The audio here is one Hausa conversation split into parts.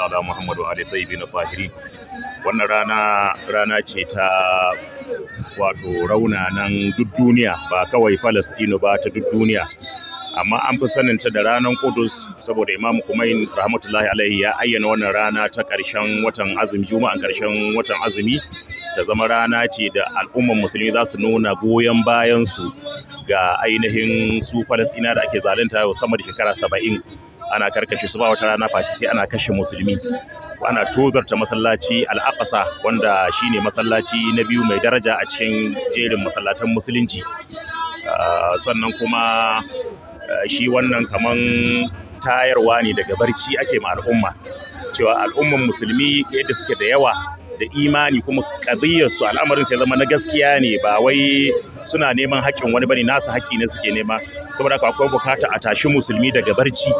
ala muhammadu ali na fahiri wannan rana rana ce ta wato rauna nan duk duniya ba kawai falastinu ba ta duk duniya amma an fi ta da ranar kudus saboda imam kumain rahmatullahi alaihi ya ayyana wannan rana ta ƙarshen watan azumi juma'an ƙarshen watan azumi ta zama rana ce da al'umman musulmi za su nuna goyon bayansu ga ainihin su falastina da ake zalunta sama da shekara saba'in ana karkashe su ba wata rana face sai ana kashe musulmi ana tozarta masallaci al-aqsa wanda shine masallaci na biyu mai daraja a cikin jerin masallatan musulunci ah, sannan kuma ah, shi wannan kaman tayarwa ne daga barci ake ma al'umma cewa al'umman musulmi yadda suke da yawa da imani kuma su al'amarin sai zama na gaskiya ne ba wai suna neman haƙƙin wani bane nasu haƙƙi ne suke nema saboda haka akwai bukata a tashi musulmi daga barci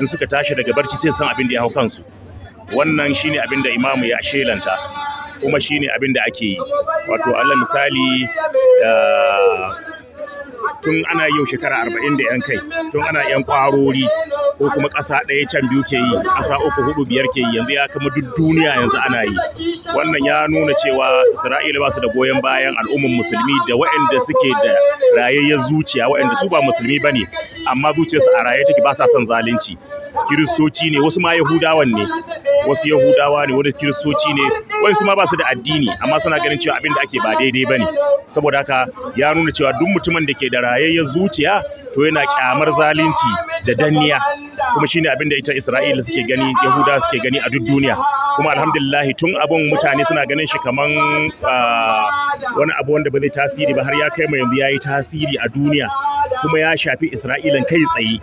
in suka tashi daga barci sai san abin da ya hau kansu wannan shine abin da imamu ya shelanta kuma shine abin da ake yi wato allah misali eh, tun ana yau shekara arba'in da yan kai tun ana yan kwarori ko kuma ƙasa ɗaya can biyu ke yi ƙasa uku hudu biyar ke yi yanzu ya kama duk duniya yanzu ana yi wannan ya nuna cewa isra'ila ba su da goyon bayan al'ummar musulmi da waɗanda suke da rayayyar zuciya waɗanda su ba musulmi ba ne amma zuciyarsu a raye take ba sa son zalunci kiristoci ne wasu ma yahudawan ne wasu yahudawa ne wani kiristoci ne wasu ma ba su da addini amma suna ganin cewa abin da ake ba daidai ba ne saboda haka ya nuna cewa duk mutumin da ke da rayayyar zuciya to yana kyamar zalunci da danniya kuma shine abin da ita Isra'ila suke gani Yahuda suke gani a duk duniya kuma alhamdulillah tun abun mutane suna ganin shi kaman ah, wani abu wanda ba zai tasiri ba har ya kai mai yanzu yayi tasiri a duniya kuma ya shafi Isra'ilan kai tsaye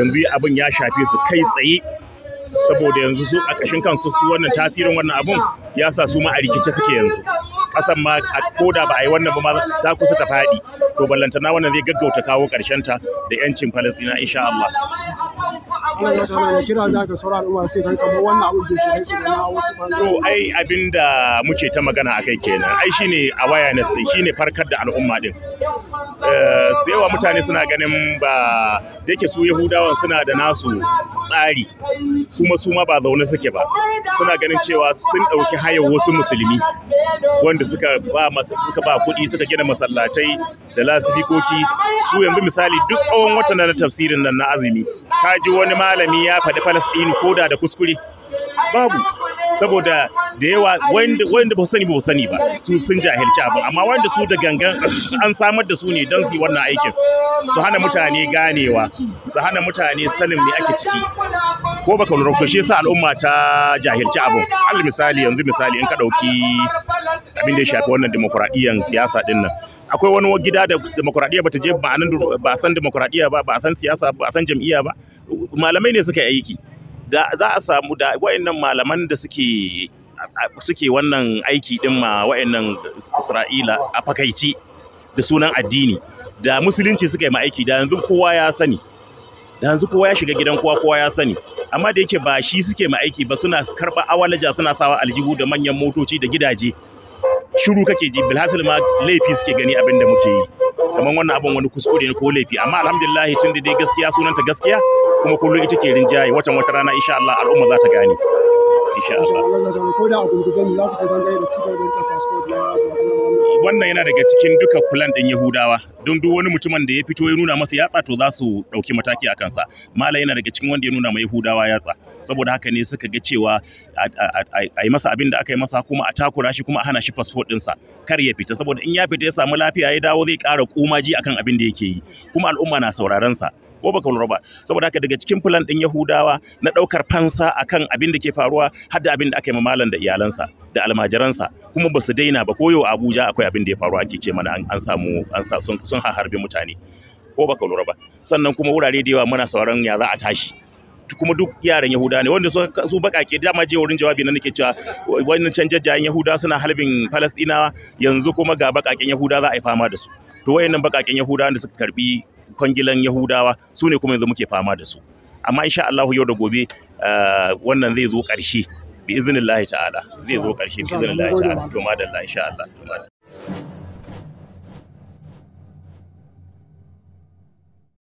yanzu abin ya shafi su kai tsaye saboda yanzu su a kashin kansu su wannan tasirin wannan abun ya sa su ma a rikice suke yanzu ƙasan ma a koda ba a yi wannan ba ta kusa ta faɗi to ballantana wannan zai gaggauta kawo ta da 'yancin falasɗina insha Allah an da kira za kamar wannan abin da ai abin da muke ta magana akai kenan ai shine awareness din shine farkar da al'umma din eh, sai mutane suna ganin ba da yake su yahudawan suna da nasu tsari kuma su ma ba zaune suke ba suna ganin cewa sun ɗauki hayar wasu musulmi wanda suka ba suka ba kuɗi suka gina masallatai da lasifikoki su yanzu misali duk tsawon watan na tafsirin nan na azumi ka ji wani malami ya faɗi falasɗinu ko da da kuskure babu saboda da yawa wanda ba sani ba sani ba su sun jahilci abin amma wanda su da gangan an samar da su ne don su yi wannan aikin su hana mutane ganewa su hana mutane sanin me ake ciki ko baka lura ko shi yasa al'umma ta jahilci abin al misali yanzu misali in ka dauki abin da ya shafi wannan demokradiyyan siyasa din nan akwai wani gida da demokradiyya bata je ba san demokradiyya ba ba san siyasa ba san jam'iyya ba malamai ne suka aiki da za a samu da wayannan malaman da suke suke wannan aiki din ma wayannan Isra'ila a fakaici da sunan addini da musulunci suka yi ma aiki da yanzu kowa ya sani da yanzu kowa ya shiga gidan kowa kowa ya sani amma da yake ba shi suke ma aiki ba suna karba awalaja suna sawa aljihu da manyan motoci da gidaje shiru kake ji bilhassil ma laifi suke gani abin da muke yi kamar wannan abin wani kuskure ne ko laifi amma alhamdulillah tun da dai gaskiya sunanta gaskiya kuma kullum ita ke rinjaye watan wata rana insha Allah al'umma za ta gane insha Allah wannan yana daga cikin duka plan din Yahudawa don duk wani mutumin da ya fito ya nuna masa yatsa to za su dauki mataki a kansa mala yana daga cikin wanda ya nuna ma Yahudawa yatsa saboda haka ne suka ga cewa a yi masa abin da aka yi masa kuma a takura shi kuma a hana shi passport ɗinsa kar ya fita saboda in ya fita ya samu lafiya ya dawo zai ƙara kumaji akan abin da yake yi kuma al'umma na sauraron sa ko baka nuna ba saboda haka daga cikin plan din Yahudawa na daukar fansa akan abin da ke faruwa har da abin da aka yi malam da iyalansa da almajiransa kuma ba su daina ba koyo Abuja akwai abin da ya faru ake ce mana an samu an sa sun sun harbe mutane ko baka lura ba sannan kuma wurare da yawa muna sauran ya za a tashi kuma duk yaran Yahuda ne wanda su bakake dama je wurin jawabi na nake cewa wannan jayan Yahuda suna halbin Falastinawa yanzu kuma ga bakaken Yahuda za a yi fama da su to wayannan bakaken Yahuda da suka karbi kwangilan Yahudawa su ne kuma yanzu muke fama da su amma insha Allah yau da gobe eh, wannan zai zo ƙarshe bi iznillahi ta'ala zai zo ƙarshe bi iznillahi ta'ala to madalla insha Allah